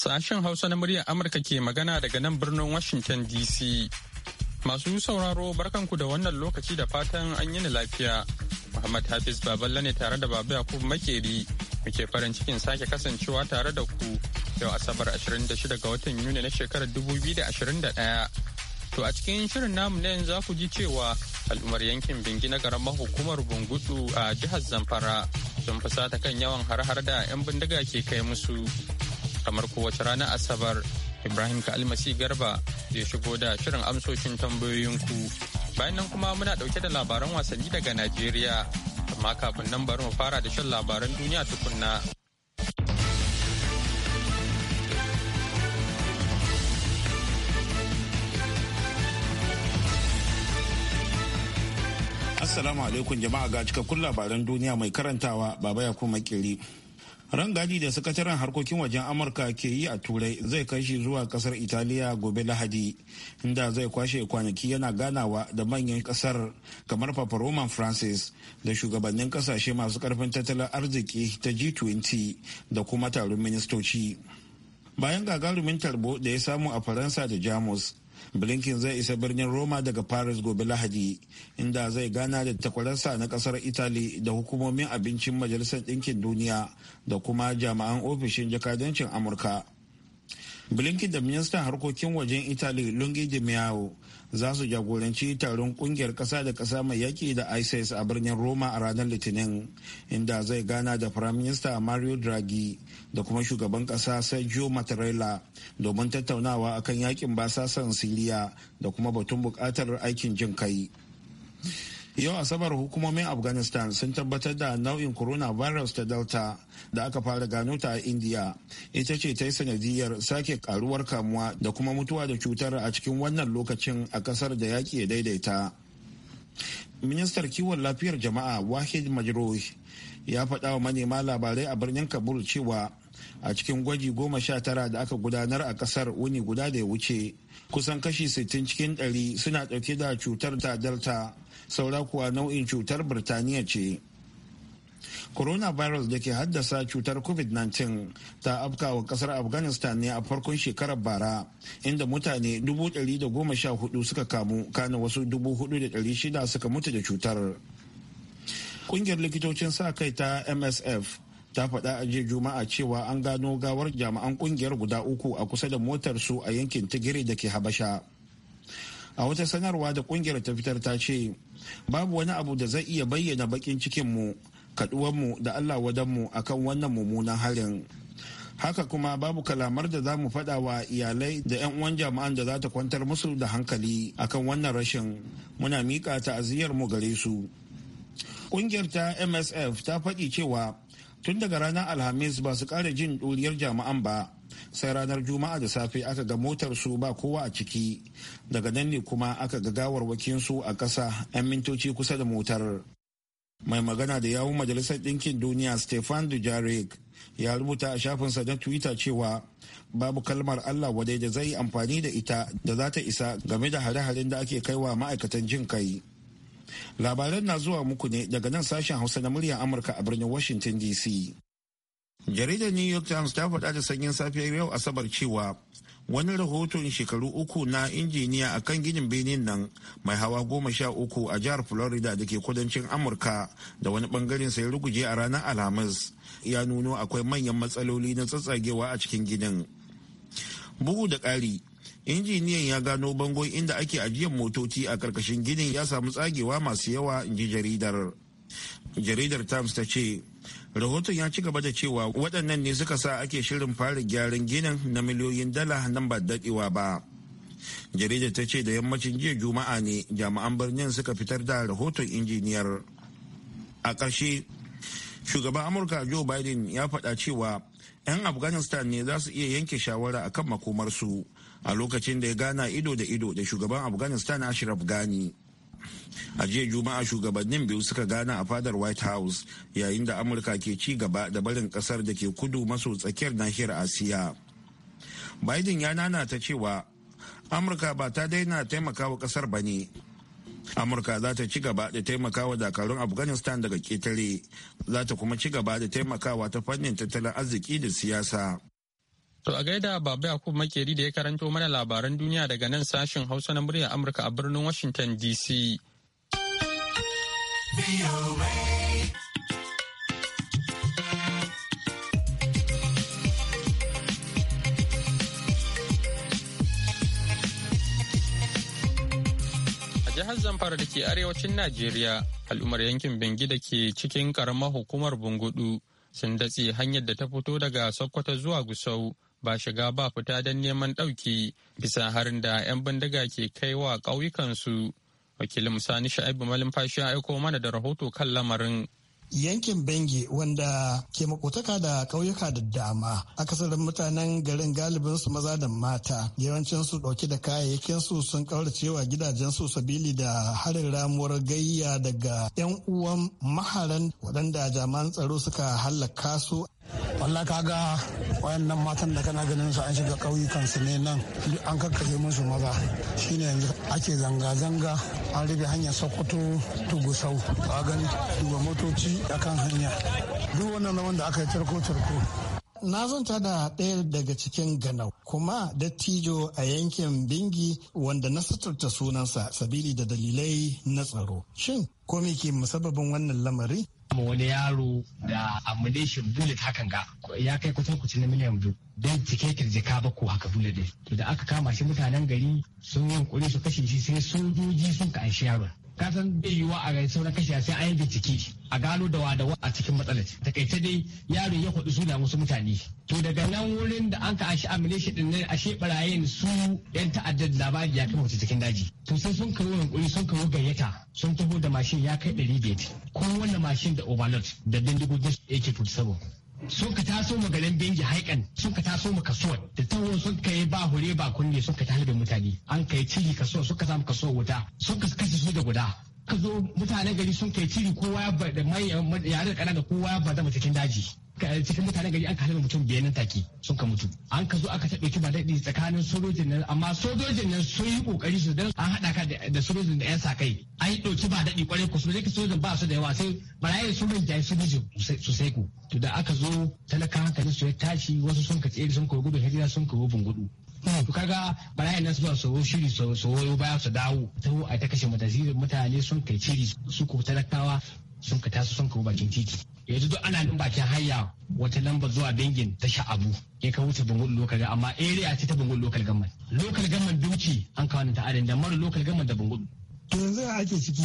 Sashen Hausa na muryar Amurka ke magana daga nan birnin Washington DC. Masu sauraro barkanku da wannan lokaci da fatan an yi lafiya. Muhammad Hafiz Baballa ne tare da Baba Yakubu Makeri muke farin cikin sake kasancewa tare da ku yau Asabar 26 ga watan Yuni na shekarar 2021. To a cikin shirin namu na yanzu za ku ji cewa al'ummar yankin Bingi na karamar hukumar Bungudu a jihar Zamfara sun fusata kan yawan har-har da 'yan bindiga ke kai musu kamar kowace rana asabar ibrahim almasi garba zai shigo da shirin amsoshin tambayoyinku bayan nan kuma muna dauke da labaran wasanni daga najeriya amma kafin nan bari mu fara da shan labaran duniya tukunna Assalamu alaikum jama'a ga cikakkun labaran duniya mai karantawa baba ya kuma kiri. rangadi da sakataren harkokin wajen amurka ke yi a turai zai kai shi zuwa kasar italiya gobe lahadi inda zai kwashe kwanaki yana ganawa da manyan kasar kamar papa roman francis da shugabannin kasashe masu karfin tattalin arziki ta g20 da kuma taron ministoci bayan gagarumin tarbo da ya samu a faransa da jamus blinken zai isa birnin roma daga paris gobe lahadi inda zai gana da takwararsa na kasar italy da hukumomin abincin majalisar ɗinkin duniya da kuma jami'an ofishin jakadancin amurka blinken da ministan harkokin wajen italy lungi de miao za su jagoranci taron kungiyar ƙasa da ƙasa mai yaƙi da isis a birnin roma a ranar litinin inda zai gana da prime minister mario draghi da kuma shugaban ƙasa sergio mattarella domin tattaunawa akan yakin basasan siriya da kuma batun buƙatar aikin jin kai yau asabar hukumomin afghanistan sun tabbatar da nau'in coronavirus ta delta da aka fara gano ta a india ita ce ta yi sanadiyar sake karuwar kamuwa da kuma mutuwa da cutar a cikin wannan lokacin a kasar da yaki ya daidaita ministar kiwon lafiyar jama'a wahid majroh ya faɗa wa manema labarai a birnin kabul cewa a cikin gwaji goma sha tara da aka gudanar a kasar wuni guda da ya wuce kusan kashi 60 cikin 100 suna ɗauke da cutar ta delta saura kuwa nau'in cutar birtaniya ce coronavirus da ke haddasa cutar covid-19 ta afka wa kasar afghanistan ne a farkon shekarar bara inda mutane 114 suka kamu kana wasu 4,600 suka mutu da cutar kungiyar likitocin sa kai ta msf ta faɗa a jiya juma'a cewa an gano gawar jami'an kungiyar guda uku a kusa da motarsu a yankin tigiri da ke habasha a wata sanarwa da kungiyar ta fitar ta ce babu wani abu da zai iya bayyana bakin cikinmu mu da allah wadanmu akan wannan mummunan harin haka kuma babu kalamar da za mu faɗa wa iyalai da 'yan uwan jama'an da za ta kwantar musu da hankali akan wannan rashin muna miƙa ta'aziyar mu gare su ƙungiyar ta msf ta faɗi cewa tun daga ranar alhamis ba su ƙara jin ɗuriyar jama'an ba sai ranar juma'a da safe aka ga motar su ba kowa a ciki daga nan ne kuma aka ga gawar su a ƙasa 'yan mintoci kusa da motar mai magana da yawun majalisar ɗinkin duniya stefan dujarric ya rubuta a shafinsa na twitter cewa babu kalmar allah wadai da zai amfani da ita da za ta isa game da hare-haren da ake kaiwa ma'aikatan jin kai labaran na zuwa muku ne daga nan sashen hausa na muryar amurka a birnin washington dc jaridar new york times ta faɗa da sanyin safiyar yau asabar cewa wani rahoton shekaru uku na injiniya a kan ginin benin nan mai hawa goma sha uku a jihar florida da ke kudancin amurka da wani bangaren sai ruguje a ranar alhamis ya nuno akwai manyan matsaloli na tsatsagewa a cikin ginin bugu da ƙari injiniyan ya gano bangon inda ake ajiyar motoci a karkashin ginin ya samu tsagewa masu yawa in ji jaridar jaridar times ta ce rahoton ya ci gaba da cewa waɗannan ne suka sa ake shirin fara gyaran ginin na miliyoyin dala nan ba daɗewa ba jarida ta ce da yammacin jiya juma'a ne jami'an birnin suka fitar da rahoton injiniyar a ƙarshe shugaban amurka joe biden ya faɗa cewa 'yan afghanistan ne za su iya yanke shawara akan makomarsu a lokacin da ya gana ido da ido da shugaban afghanistan ashraf ghani a jiya juma'a shugabannin biyu suka gana a fadar white house yayin da amurka ke ci gaba da barin kasar da ke kudu maso tsakiyar nahiyar asiya biden ya nana ta cewa amurka ba ta daina taimakawa kasar ba ne amurka za ta ci gaba da taimakawa dakarun afghanistan daga ketare za ta kuma ci gaba da taimakawa ta fannin tattalin arziki da siyasa To a gaida Baba Yakubu Makeri da ya karanto mana labaran duniya daga nan sashen Hausa na muryar Amurka a birnin Washington DC. jihar zamfara da ke arewacin najeriya al'ummar yankin bengi da ke cikin karamar hukumar bungudu sun datse hanyar da ta fito daga sokoto zuwa gusau ba shiga ba fita don neman ɗauki bisa harin da 'yan bindiga ke kai wa ƙauyukansu wakilin sani sha'ibu malumfashi ya aiko mana da rahoto kan lamarin yankin bengi wanda ke makotaka da ƙauyuka da dama akasarin mutanen garin galibin su maza da mata yawancin su dauke da kayayyakin su sun kauracewa gidajen su sabili da harin ramuwar gayya daga yan uwan maharan waɗanda jaman tsaro suka hallaka su wallah kaga wayannan matan da kana ganin su an shiga ƙauyukan su ne nan an kakkaje musu maza shine yanzu ake zanga-zanga an rufe hanyar sokoto tugusau ka gani duba motoci akan hanya duk wannan rawan da aka yi turko-turko Na zanta da ɗaya daga cikin ganau kuma dattijo a yankin Bingi wanda na suturta sunansa sabili da dalilai na tsaro. Shin ko me ke musababin wannan lamari? wani yaro da ammunition bullet hakan ga ya kai kusan kuci na miliyan biyu don jike kirjika ba ko haka bullet din da aka kama shi mutanen gari sun yi kuri su kashe shi sai sojoji sun ka yaro. yaron ka san bai yiwa a gari sauran kashe sai an yi bincike a gano da wa da wa a cikin matsalar takaice dai yaro ya kwaɗi suna musu mutane to daga nan wurin da an ka ashi shi shi din nan ashe barayin su yan ta'addar labari ya kama cikin daji to sai sun kawo hankuri sun kawo gayyata sun taho da mashin ya kai ɗari biyar kowanne mashin da overload da bindigogin AK-47 sun ka taso mu garin benji haikan sun ka taso ma kaso da tawo sun ka ba hure ba kunne sun ka talibin mutane an kai ciri kaso sun ka samu kaso wuta sun ka kashe su da guda ka zo mutane gari sun kai ciri kowa ya da mai yare kana da kowa ya bada cikin daji cikin mutane gari an kalli mutum biyar nan take sun ka mutu an ka zo aka ta ki ba daɗi tsakanin sojojin nan amma sojojin nan sun yi kokari su dan an haɗa ka da sojojin da 'yan sa kai an yi ɗauki ba daɗi kwarai ku sojojin ka sojojin ba su da yawa sai barayi sun rinjaye sojojin sai ku to da aka zo talaka hankali su ya tashi wasu sun ka tsere sun ka gudu hijira sun ka gudun gudu to kaga barayin nan suna tsoro shiri tsoro baya su dawo ta a ta kashe mutane sun kai ciri su ko talakawa sun ka taso sun kawo bakin titi yanzu duk ana nan bakin hanya wata lamba zuwa bengin ta sha'abu in ka wuce bangon lokal amma area ce ta bangon lokal gamman lokal gamman duki an kawo ta adan da mara lokal gamman da bangon to yanzu ake ciki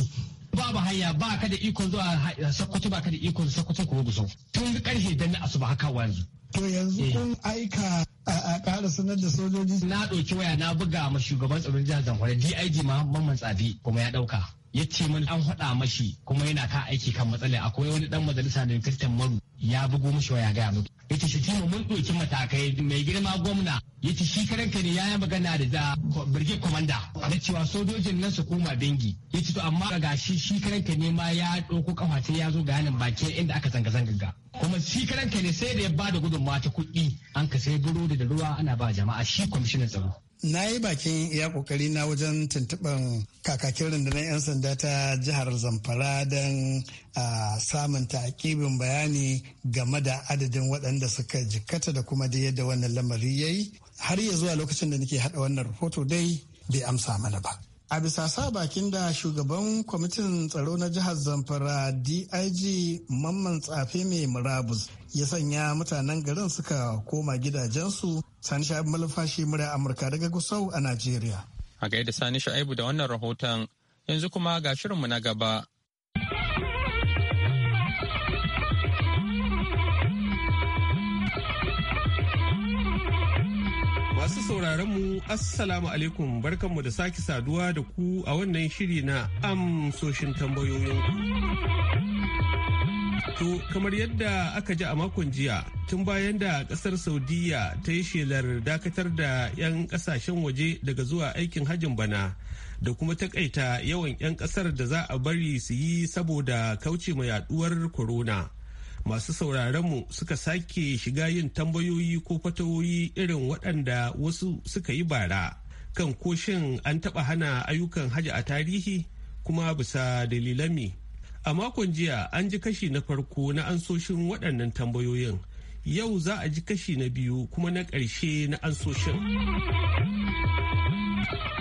babu hanya ba ka da ikon zuwa sakkwato ba ka da ikon sakkwato ko guso tun karfe dan na asuba haka yanzu to yanzu eh. kun aika a kara sanar da sojoji na ɗauki waya na buga ma shugaban tsaron jihar zamfara dig ma mamman tsafi kuma ya ɗauka ya ce mani an faɗa mashi kuma yana ka aiki kan matsala akwai wani dan majalisa da Christian Maru ya bugo mashi waya gaya mutu ya ce shi mun ɗauki matakai mai girma gwamna ya ce shi karanka ne ya yi magana da birgin komanda Na cewa sojojin nan su koma dangi ya ce to amma ga shi shi karanka ne ma ya ɗauko kafa sai ya zo ga yanin bakin inda aka zanga zanga kuma shi karanka ne sai da ya bada da gudunmawa ta kuɗi an ka sai burodi da ruwa ana ba jama'a shi kwamishinan tsaro na yi bakin iya kokari na wajen tuntuɓar kakakin rundunar 'yan sanda ta jihar zamfara don samun taƙibin bayani game da adadin waɗanda suka jikkata da kuma da yadda wannan lamari ya yi har ya zuwa lokacin da nake haɗa wannan rahoto dai bai amsa mana ba a bisa sa bakin da shugaban kwamitin tsaro na jihar zamfara dig mamman tsafe mai murabus ya sanya mutanen garin suka koma gidajensu sani sha'ibu malafashi murya amurka daga gusau a najeriya a gaida sani sha'ibu da wannan rahoton yanzu kuma ga shirinmu na gaba Masu sauraron mu Assalamu alaikum barkanmu da sake saduwa da ku a wannan shiri na amsoshin tambayoyin ku To kamar yadda aka ji a makon jiya tun bayan da ƙasar Saudiyya ta yi shelar dakatar da 'yan ƙasashen waje daga zuwa aikin hajin bana da kuma takaita yawan 'yan ƙasar da za a bari su yi saboda kauce mai yaduwar corona. Masu sauraronmu suka sake shiga yin tambayoyi ko fatawoyi irin waɗanda wasu suka yi bara kan ko shin an taɓa hana ayyukan haji a tarihi kuma bisa dalilami. A makon jiya an ji kashi na farko na ansoshin waɗannan tambayoyin. Yau za a ji kashi na biyu kuma na ƙarshe na ansoshin.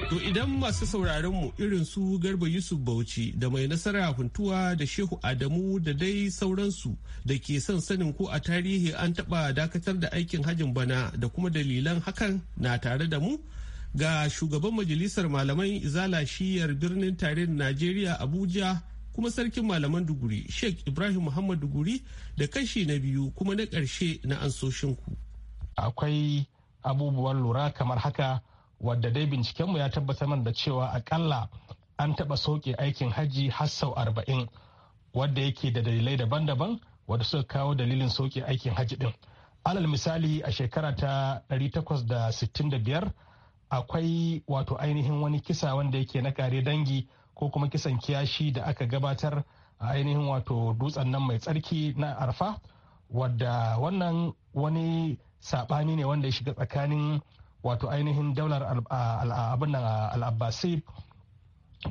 To idan masu sauraronmu irin su Garba Yusuf Bauchi da mai nasara huntuwa da Shehu Adamu da dai sauransu da ke son sanin ko a tarihi an taɓa dakatar da aikin hajin bana da kuma dalilan hakan na tare da mu ga shugaban majalisar malamai izala shiyar birnin tarihin Najeriya Abuja kuma sarkin malaman duguri sheikh ibrahim muhammad duguri da kashi na biyu kuma na ƙarshe na ansoshinku akwai abubuwan lura kamar haka wadda dai bincikenmu ya tabbatar da cewa akalla an taɓa soke aikin hajji har sau arba'in wadda yake da dalilai daban-daban wadda suka kawo dalilin soke aikin hajji din alal misali a shekara ta 865 akwai wato ainihin wani kisa wanda yake na kare dangi ko kuma kisan kiyashi da aka gabatar a ainihin wato dutsen nan mai tsarki na arfa wadda wannan wani saɓani ne wanda ya shiga tsakanin wato ainihin daular al'abin al'abbasi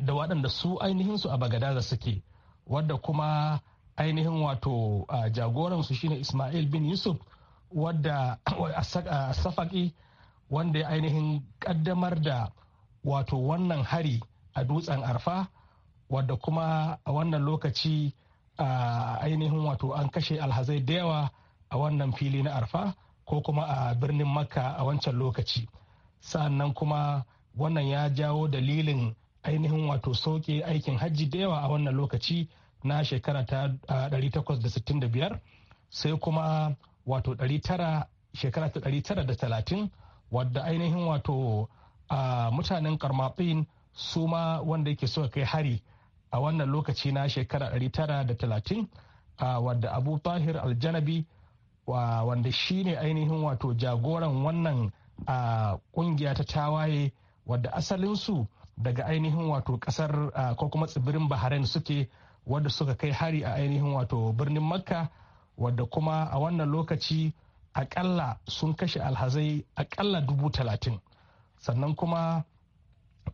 da waɗanda su ainihin su a bagadaza suke wadda kuma ainihin wato jagoransu shine ismail bin yusuf wadda a safaki wanda ya ainihin kaddamar da wato wannan hari a dutsen arfa wadda kuma a wannan lokaci a ainihin wato an kashe alhazai da yawa a wannan fili na arfa ko kuma a birnin makka a wancan lokaci sa'annan kuma wannan ya jawo dalilin ainihin wato soke aikin hajji da yawa a wannan lokaci na shekara ta 865 sai kuma wato 900 shekara ta 930 wadda ainihin wato mutanen karmafin su ma wanda yake suka kai hari a wannan lokaci na shekara 930 wadda abu tahir aljanabi wanda shi ne ainihin wato jagoran wannan a kungiya ta tawaye wadda asalinsu daga ainihin wato kasar ko kuma tsibirin bahrain suke wadda suka kai hari a ainihin wato birnin makka wadda kuma a wannan lokaci akalla sun kashe alhazai akalla dubu talatin sannan kuma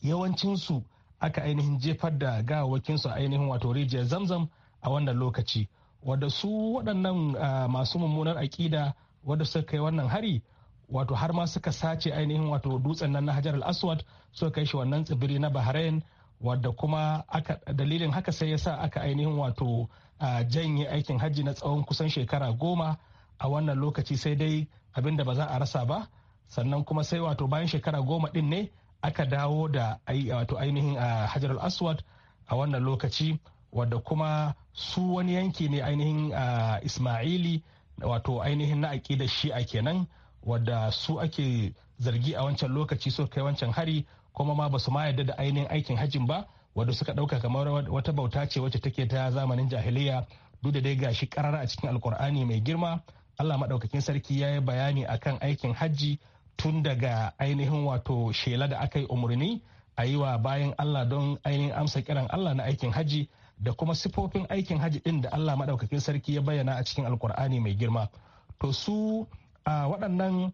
yawancinsu aka ainihin jefar da gawawakinsu a ainihin wato rijiyar zamzam a wannan lokaci wadda su waɗannan masu mummunar aƙida wadda suka kai wannan hari wato har ma suka sace ainihin wato dutsen nan na hajar al-aswad suka kai shi wannan tsibiri na bahrain wadda kuma aka dalilin haka sai ya sa aka ainihin wato janye aikin hajji na tsawon kusan shekara goma a wannan lokaci sai dai abinda ba za a rasa ba sannan kuma sai wato bayan shekara goma din ne aka dawo da wato ainihin a hajar aswad a wannan lokaci wadda kuma su wani yanki ne ainihin a ismaili wato ainihin na shi a kenan wadda su ake zargi a wancan lokaci so kai wancan hari kuma ma ba su ma yadda da ainihin aikin hajjin ba wadda suka ɗauka kamar wata bauta ce wacce take ta zamanin jahiliya duk da dai gashi karara a cikin alkur'ani mai girma allah maɗaukakin sarki ya yi bayani akan aikin hajji tun daga ainihin wato shela da aka yi umarni a yi wa bayan Allah don ainihin amsa kiran Allah na aikin haji da kuma sifofin aikin haji ɗin da Allah maɗaukakin sarki ya bayyana a cikin alkur'ani mai girma to su a waɗannan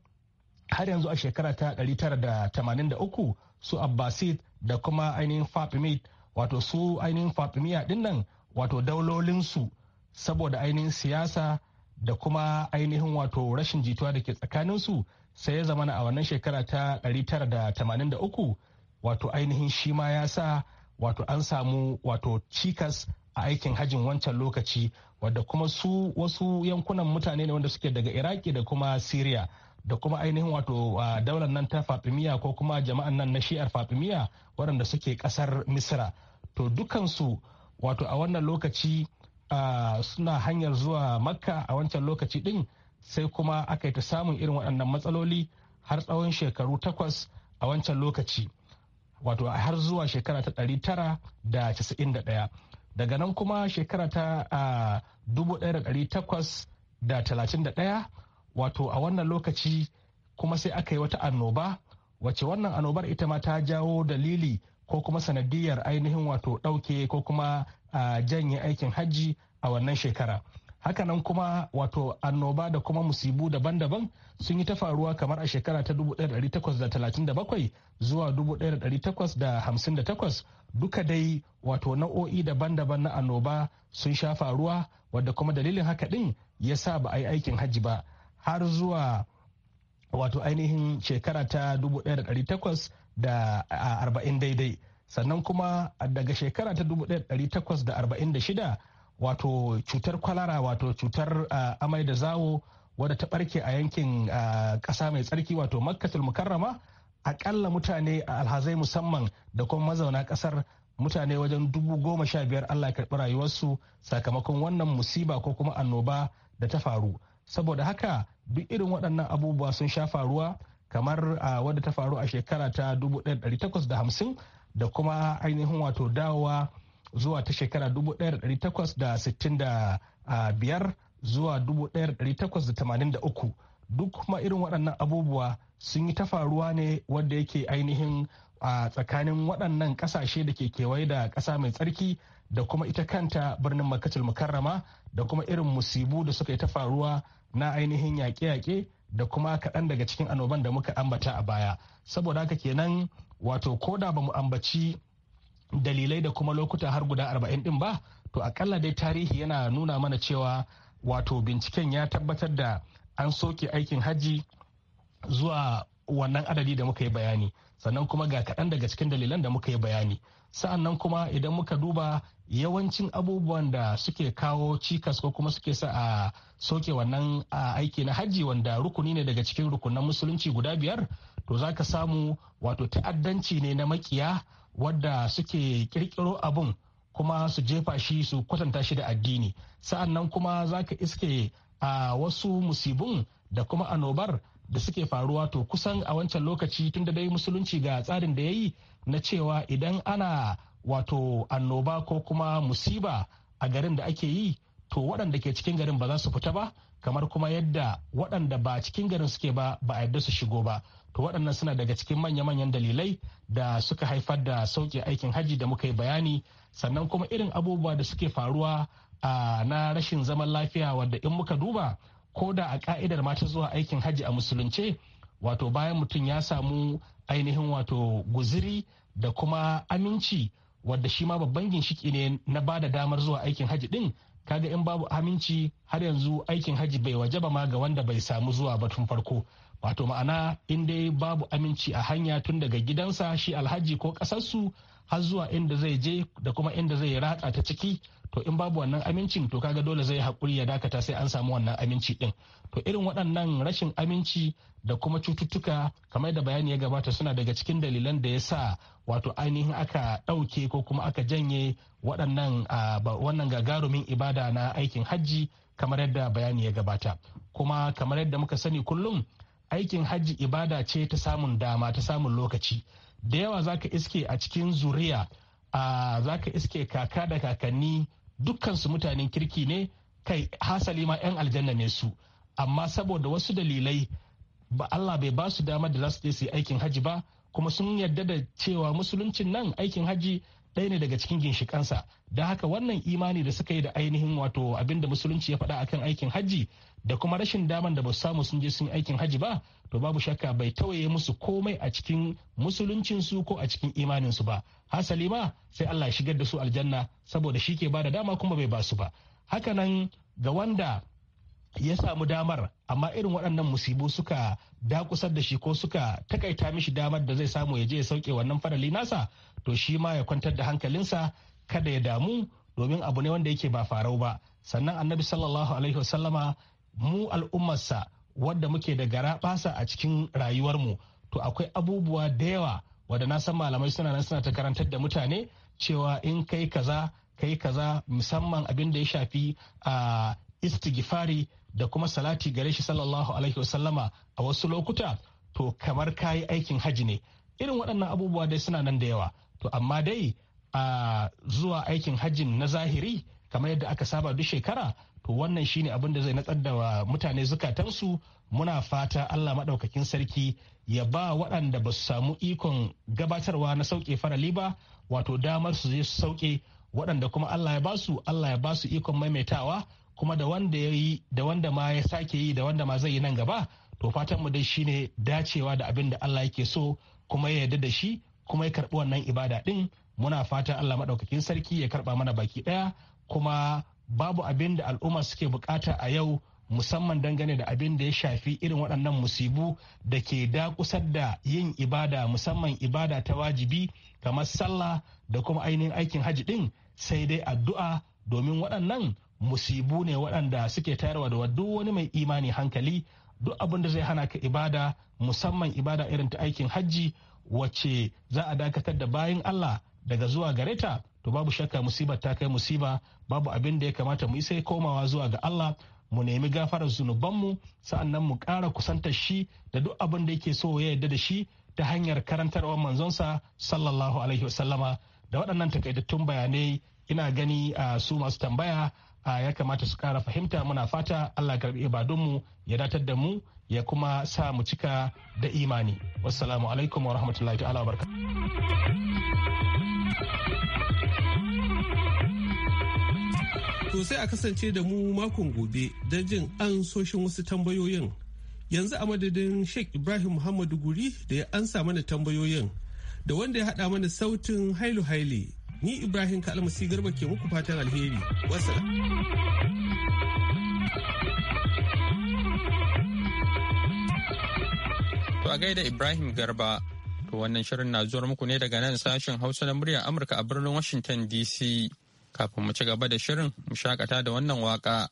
har yanzu a shekara ta 983 su abbasid da kuma ainihin fatimid wato su ainihin fatimiya nan wato daulolinsu saboda ainihin siyasa da kuma ainihin wato rashin jituwa da ke tsakaninsu sai ya zama a wannan shekara ta 983 wato ainihin shi ma ya sa wato an samu wato cikas a aikin hajin wancan lokaci wadda kuma su wasu yankunan mutane ne wanda suke daga iraki da kuma syria da kuma ainihin wato daular nan ta fafimiya ko kuma jama'an nan na shi'ar fafimiya waɗanda suke ƙasar Misira to dukansu wato a wannan lokaci suna hanyar zuwa makka a wancan lokaci ɗin sai kuma aka yi ta samun irin waɗannan matsaloli har tsawon shekaru takwas a wancan lokaci wato har zuwa shekara ta ɗari tara da casa'in da ɗaya daga nan kuma shekara ta dubu ɗaya da ɗari takwas da talatin da ɗaya wato a wannan lokaci kuma sai aka yi wata annoba wace wannan annobar ita ma ta jawo dalili ko kuma sanadiyar ainihin wato ɗauke ko kuma janye aikin hajji a wannan shekara. hakanan kuma wato annoba da kuma musibu daban-daban sun yi ta faruwa kamar a shekara ta 1837 zuwa 1858 duka dai wato nau'o'i daban-daban na annoba sun sha faruwa wadda kuma dalilin haka din ya sa ba a yi aikin hajji ba har zuwa wato ainihin shekara ta 1840 daidai sannan kuma daga shekara ta 1846 wato cutar kwalara wato cutar amai da zawo wadda ta barke a yankin kasa mai tsarki wato makkatul mukarrama akalla mutane a alhazai musamman da kuma mazauna kasar mutane wajen dubu goma sha biyar allah karɓi rayuwarsu sakamakon wannan musiba ko kuma annoba da ta faru saboda haka duk irin waɗannan abubuwa sun sha faruwa kamar wadda ta faru a shekara ta 1850 da kuma ainihin wato dawowa zuwa ta shekara 1865 ah, zuwa 1883 duk kuma irin waɗannan abubuwa sun yi ta faruwa ne wanda yake ainihin a ah, tsakanin waɗannan ƙasashe da ke kewaye da ƙasa mai tsarki da kuma ita kanta birnin makatul mukarrama da kuma irin musibu da suka yi ta faruwa na ainihin yaƙe-yaƙe da kuma kaɗan daga cikin annoban da muka ambata a baya saboda haka kenan wato koda ba mu ambaci dalilai da kuma lokuta har guda arba'in din ba to akalla dai tarihi yana nuna mana cewa wato binciken ya tabbatar da an soke aikin hajji zuwa wannan adadi da muka yi bayani sannan kuma ga kaɗan daga cikin dalilan da muka yi bayani sa'an kuma idan muka duba yawancin abubuwan da suke kawo cikas ko kuma suke sa a soke wannan aiki na hajji wanda rukuni ne daga cikin rukunan musulunci guda biyar to za ka samu wato ta'addanci ne na makiya wadda suke kirkiro abun kuma su jefa shi su kwatanta shi da addini sa'an nan kuma za ka iske a wasu musibin da kuma annobar da suke faruwa to kusan a wancan lokaci tun da dai musulunci ga tsarin da ya yi na cewa idan ana wato annoba ko kuma musiba a garin da ake yi to waɗanda ke cikin garin ba za su fita ba kamar kuma yadda waɗanda ba cikin garin suke ba ba a yadda su shigo ba to waɗannan suna daga cikin manya-manyan dalilai da suka haifar da sauƙi aikin hajji da muka yi bayani sannan kuma irin abubuwa da suke faruwa na rashin zaman lafiya wadda in muka duba ko da a ka'idar mata zuwa aikin hajji a musulunce wato bayan mutum ya samu ainihin wato guziri da kuma aminci wadda shi ma babban ginshiki ne na ba da damar zuwa aikin hajji din kaga in babu aminci har yanzu aikin hajji bai waje ba ma ga wanda bai samu zuwa ba tun farko wato ma'ana in dai babu aminci a hanya tun daga gidansa shi alhaji ko kasarsu har zuwa inda zai je da kuma inda zai ratsa ta ciki to in babu wannan amincin to kaga dole zai hakuri ya dakata sai an samu wannan aminci din to irin waɗannan rashin aminci da kuma cututtuka kamar da bayani ya gabata suna daga cikin dalilan da ya sa wato ainihin aka ɗauke ko kuma aka janye waɗannan wannan gagarumin ibada na aikin hajji kamar yadda bayani ya gabata kuma kamar yadda muka sani kullum aikin hajji ibada ce ta samun dama ta samun lokaci da yawa za ka iske a cikin zuriya a ka iske kaka da kakanni dukkansu mutanen kirki ne kai hasali ma 'yan aljanna ne su amma saboda wasu dalilai ba Allah bai ba su dama da za su je su aikin hajji ba kuma sun yarda da cewa musuluncin nan aikin hajji ɗaya ne daga cikin ginshikansa da haka wannan imani da suka yi da ainihin wato abin da musulunci ya faɗa akan aikin hajji da kuma rashin daman da ba su samu sun je sun aikin hajji ba to babu shakka bai tawaye musu komai a cikin musuluncinsu ko a cikin imanin su ba hasali ma sai Allah ya shigar da su aljanna saboda shi ke ba da dama kuma bai basu ba hakanan ga wanda ya samu damar amma irin waɗannan musibu suka dakusar da shi ko suka takaita mishi damar da zai samu ya je ya sauke wannan farali nasa to shi ma ya kwantar da hankalinsa kada ya damu domin abu ne wanda yake ba farau ba sannan annabi sallallahu alaihi wasallama mu al'ummarsa wadda muke da gara basa a cikin rayuwarmu to akwai abubuwa da yawa wadda na san malamai suna nan suna ta karantar da mutane cewa in kai kaza kai kaza musamman abin da ya shafi a ah, istighfari da kuma salati gare shi sallallahu alaihi wasallama a wasu lokuta to kamar kayi aikin haji ne irin waɗannan abubuwa dai suna nan da yawa to amma dai a zuwa aikin hajjin na zahiri kamar yadda aka saba duk shekara to wannan shine abin da zai natsar da mutane su muna fata Allah maɗaukakin sarki ya ba waɗanda ba su samu ikon gabatarwa na sauke farali ba wato damar su zai su sauke waɗanda kuma Allah ya basu Allah ya basu ikon maimaitawa kuma da wanda ya yi da wanda ma ya sake yi da wanda ma zai yi nan gaba to fatan mu dai shine dacewa da abin da Allah yake so kuma ya yarda da shi kuma ya karɓi wannan ibada din muna fatan Allah madaukakin sarki ya karba mana baki daya kuma babu abin da al'umma suke bukata a yau musamman dangane da abin da ya shafi irin waɗannan musibu da ke da dakusar da yin ibada musamman ibada ta wajibi kamar sallah da kuma ainihin aikin hajji din sai dai addu'a domin waɗannan musibu ne waɗanda suke tayarwa da duk wani mai imani hankali duk abin da zai hana ka ibada musamman ibada irin ta aikin hajji wacce za a dakatar da bayan Allah daga zuwa gare ta to babu shakka musibar ta kai musiba babu abin da ya kamata mu sai komawa zuwa ga Allah mu nemi gafarar zunubanmu sa'annan mu ƙara kusantar shi da duk abin da yake so ya yarda da shi ta hanyar karantarwar manzonsa sallallahu alaihi wasallama da waɗannan takaitattun bayanai ina gani a su masu tambaya ya kamata su kara fahimta muna fata allah karbi ibadunmu ya datar da mu ya kuma sa mu cika da imani wassalamu alaikum wa rahmatullahi ta'ala wa To sai a kasance da mu makon gobe da jin an soshin wasu tambayoyin. Yanzu a madadin sheik Ibrahim Muhammadu Guri da ya ansa mana tambayoyin da wanda ya haɗa mana sautin hailu haile Ni Ibrahim Kalmasi Garba ke muku fatan alheri. Wassalam. To a gaida Ibrahim Garba, to wannan shirin na zuwa muku ne daga nan sashen Hausa na muryar Amurka a birnin Washington DC. Kafin mu ci gaba da shirin, mu shakata da wannan waka.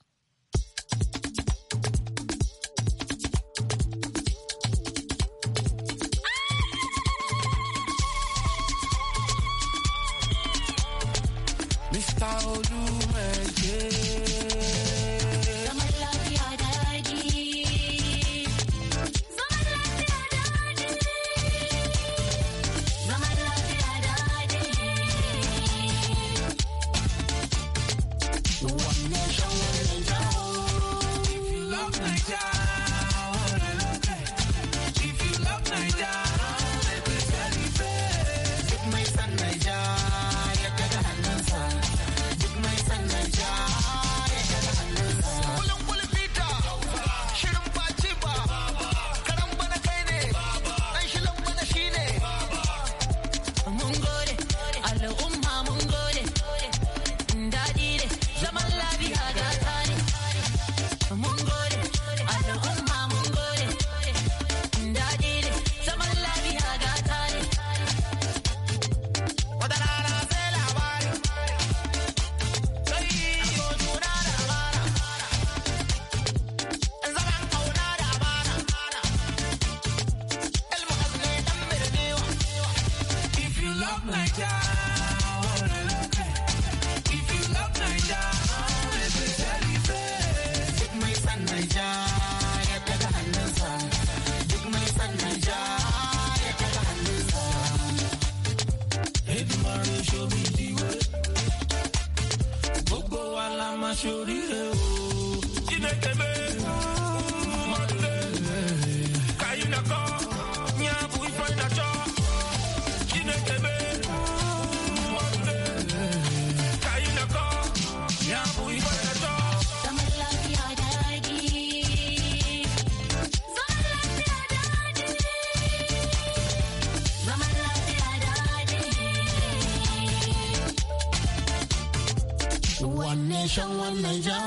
ƙarshen wannan jihar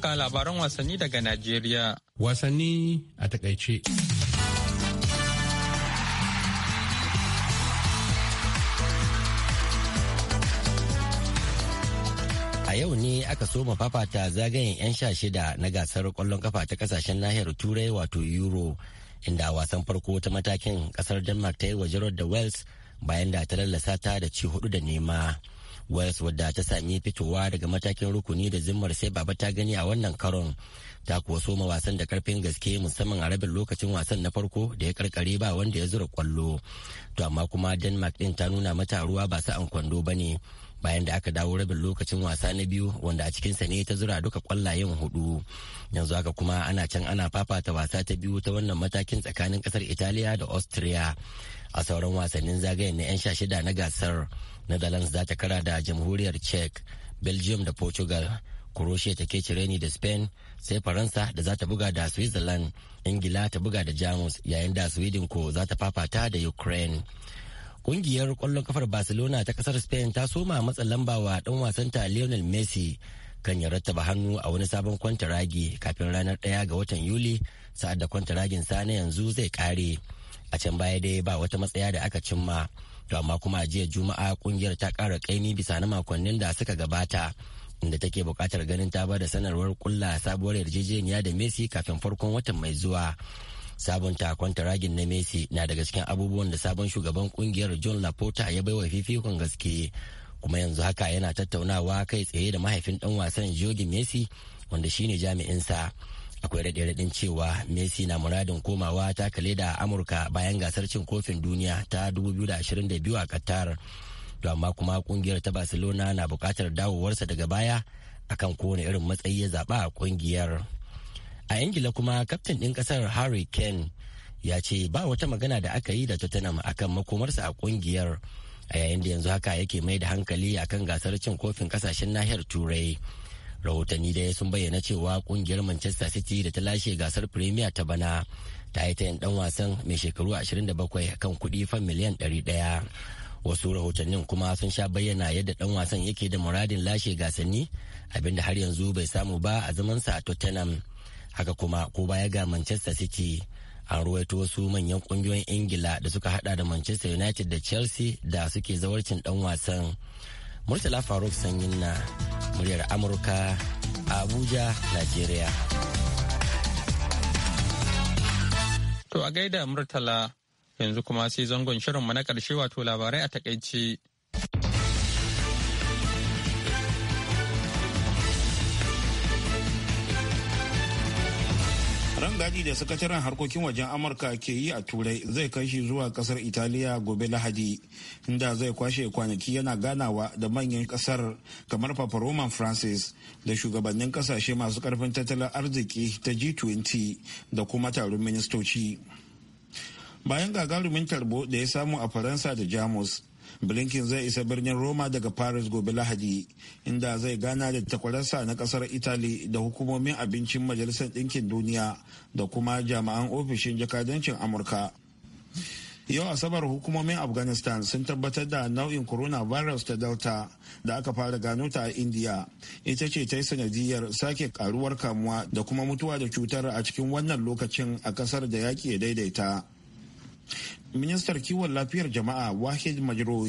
kuma labaran wasanni daga Najeriya. Wasanni a takaice. A yau ne aka soma fafata zagayen 'yan sha shida na gasar kwallon kafa ta kasashen nahiyar turai wato euro inda wasan farko ta matakin kasar denmark ta yi wa da wales bayan da ta lallasa ta da ci hudu da nema. wales wadda ta sami fitowa daga matakin rukuni da zimmar sai baba ta gani a wannan karon ta kuwa soma wasan da karfin gaske musamman a rabin lokacin wasan na farko da ya karkare ba wanda ya zura kwallo to amma kuma denmark din ta nuna mata ruwa ba sa an kwando ba ne bayan da aka dawo rabin lokacin wasa na biyu wanda a cikin sa ne ta zura duka kwallayen hudu yanzu haka kuma ana can ana fafata wasa ta biyu ta wannan matakin tsakanin kasar italiya da austria a sauran wasannin zagayen na 'yan sha shida na gasar netherlands za ta kara da jamhuriyar czech belgium da portugal croatia ta ke ni da spain sai faransa da za ta buga da switzerland ingila ta buga da jamus yayin da sweden ko za ta fafata da ukraine kungiyar kwallon kafar barcelona ta kasar spain ta soma matsa lamba wa dan wasanta lionel messi kan ya rattaba hannu a wani sabon kwantaragi kafin ranar ɗaya ga watan yuli sa'ad da kwantaragin sa na yanzu zai kare a can baya dai ba wata matsaya da aka cimma to amma kuma a jiya juma'a kungiyar ta ƙara kaimi bisa na makonnin da suka gabata inda take buƙatar ganin ta ba da sanarwar kulla sabuwar yarjejeniya da messi kafin farkon watan mai zuwa sabon sabunta ragin na messi na daga cikin abubuwan da sabon shugaban kungiyar john laporta ya baiwa fifikon gaske kuma yanzu haka yana tattaunawa kai tsaye da mahaifin dan wasan jogi messi wanda shine jami'insa. sa akwai raɗe-raɗin cewa messi na muradin komawa ta Kaleda a amurka bayan gasar cin kofin duniya ta 2022 a qatar to amma kuma kungiyar ta barcelona na buƙatar dawowarsa daga baya akan kowane irin matsayi ya zaɓa a kungiyar a ingila kuma kaftin ɗin ƙasar harry kane ya ce ba wata magana da aka yi da tottenham akan makomarsa a kungiyar a yayin da yanzu haka yake mai da hankali akan gasar cin kofin ƙasashen nahiyar turai rahotanni dai sun bayyana cewa kungiyar manchester city da ta lashe gasar premier ta bana ta yi ta yan dan wasan mai shekaru 27 kan kudi fan miliyan 100 wasu rahotannin kuma sun sha bayyana yadda dan wasan yake da muradin lashe gasanni abinda har yanzu bai samu ba a zamansa a tottenham haka kuma ko baya ga manchester city an ruwaito wasu manyan kungiyoyin ingila da suka hada da manchester united da chelsea da suke zawarcin dan wasan Murtala Faruk Sanyin na muryar Amurka Abuja, Najeriya. To a gaida Murtala yanzu kuma sai zangon shirinmu na ƙarshe wato labarai a takaice. Rangadi da sakataren harkokin wajen Amurka ke yi a Turai zai kai shi zuwa kasar Italiya gobe Lahadi, inda zai kwashe kwanaki yana ganawa da manyan kasar kamar Papa Roman Francis da shugabannin kasashe masu karfin tattalin arziki ta G20 da kuma taron ministoci. Bayan gagarumin tarbo da ya samu a Faransa da Jamus. blinken zai isa birnin roma daga paris gobe lahadi inda zai gana da takwararsa na kasar italy da hukumomin abincin majalisar ɗinkin duniya da kuma jami'an ofishin jakadancin amurka yau asabar hukumomin afghanistan sun tabbatar da nau'in coronavirus ta delta da aka fara gano ta a india ita ce ta yi sanadiyar sake karuwar kamuwa da kuma mutuwa da cutar a cikin wannan lokacin a kasar da yaki ya daidaita ministar kiwon lafiyar jama'a wahid majroh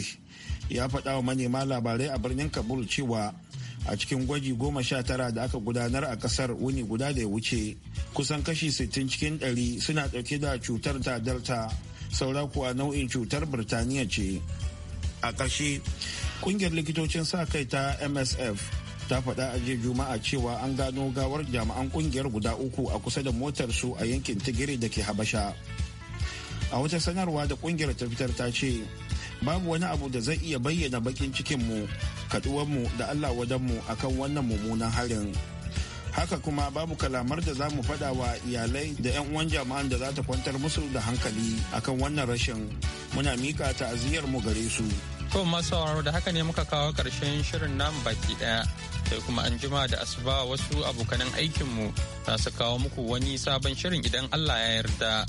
ya faɗa wa manema labarai a birnin kabul cewa a cikin gwaji goma sha tara da aka gudanar a kasar wuni guda da ya wuce kusan kashi sittin cikin 100 suna ɗauke da cutar ta delta saura kuwa nau'in cutar birtaniya ce a ƙarshe ƙungiyar likitocin sa kai ta msf ta faɗa a jiya juma'a cewa an gano gawar jami'an ƙungiyar guda uku a kusa da motar su a yankin tigiri da ke habasha a wata sanarwa da kungiyar ta fitar ta ce babu wani abu da zai iya bayyana bakin cikinmu mu da allah wadanmu akan wannan mummunan harin haka kuma babu kalamar da za mu wa iyalai da 'yan uwan jama'an da za ta kwantar musu da hankali akan wannan rashin muna mika ta'aziyar mu gare su to masu da haka ne muka kawo karshen shirin nan baki ɗaya sai kuma an jima da asuba wasu abokanan aikinmu za su kawo muku wani sabon shirin idan allah ya yarda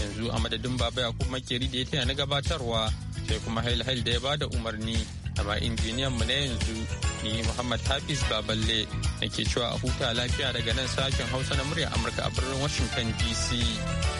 yanzu a madadin baba yakub makeri da ya taya na gabatarwa sai kuma hail hail da ya bada umarni amma injiniyan mu na yanzu ni muhammad hafiz baballe nake cewa a huta lafiya daga nan sashen hausa na murya amurka a birnin washington dc